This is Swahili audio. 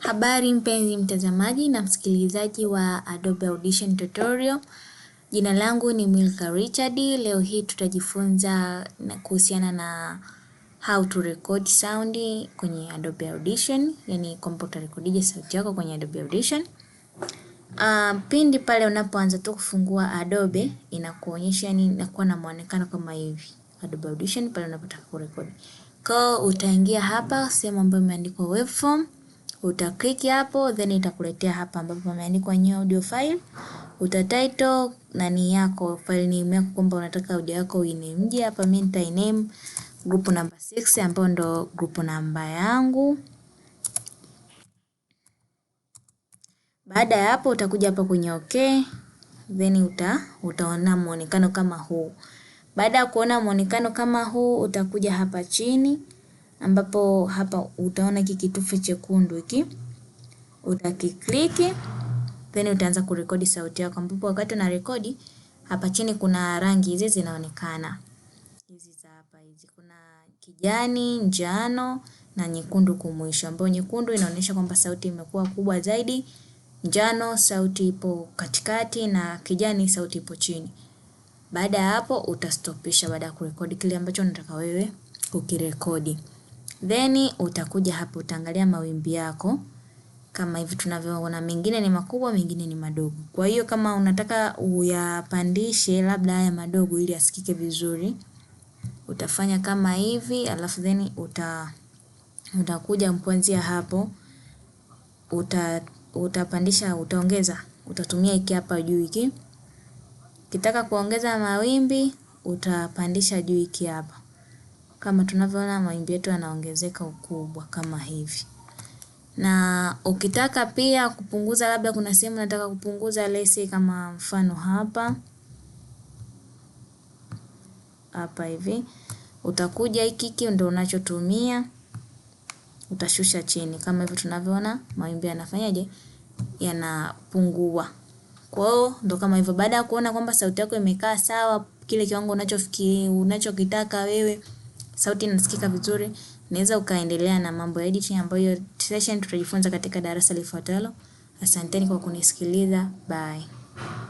Habari mpenzi mtazamaji na msikilizaji wa Adobe Audition Tutorial. Jina langu ni Milka Richard. Leo hii tutajifunza kuhusiana na how to record sound kwenye Adobe Audition, yani kompyuta rekodije sauti yako kwenye Adobe Audition. Uh, pindi pale unapoanza tu kufungua Adobe inakuonyesha, yani inakuwa na muonekano kama hivi. Adobe Audition pale unapotaka kurekodi. Kwa utaingia hapa sehemu ambayo imeandikwa waveform utaklik hapo then itakuletea hapa ambapo pameandikwa new audio file uta title nani yako file name yako kwamba unataka audio yako uiname hapa mimi nita name group number 6 ambayo ndo group namba yangu baada ya hapo utakuja hapa kwenye okay then uta utaona muonekano kama huu baada ya kuona muonekano kama huu utakuja hapa chini ambapo hapa utaona hiki kitufe chekundu hiki utakikliki, then utaanza kurekodi sauti yako, ambapo wakati una rekodi hapa chini kuna rangi hizi zinaonekana hizi za hapa hizi, kuna kijani, njano na nyekundu kumwisho, ambayo nyekundu inaonyesha kwamba sauti imekuwa kubwa zaidi, njano sauti ipo katikati, na kijani sauti ipo chini. Baada ya hapo utastopisha, baada ya kurekodi kile ambacho unataka wewe kukirekodi. Then utakuja hapa utaangalia mawimbi yako kama hivi tunavyoona, mengine ni makubwa, mengine ni madogo. Kwa hiyo kama unataka uyapandishe labda haya madogo ili asikike vizuri, utafanya kama hivi, alafu then uta utakuja kuanzia hapo uta utapandisha utaongeza, utatumia hiki hapa juu hiki. Ukitaka kuongeza mawimbi utapandisha juu hiki hapa kama tunavyoona mawimbi yetu yanaongezeka ukubwa kama hivi na ukitaka pia kupunguza labda kuna sehemu nataka kupunguza lesi kama mfano hapa hapa hivi utakuja hiki ndio unachotumia utashusha chini kama hivyo tunavyoona mawimbi yanafanyaje yanapungua hiyo ndo kama hivyo baada ya kuona kwamba sauti yako imekaa sawa kile kiwango unachofikiri unachokitaka wewe sauti inasikika vizuri, naweza ukaendelea na mambo ya editing ambayo session tutajifunza katika darasa lifuatalo. Asanteni kwa kunisikiliza, bye.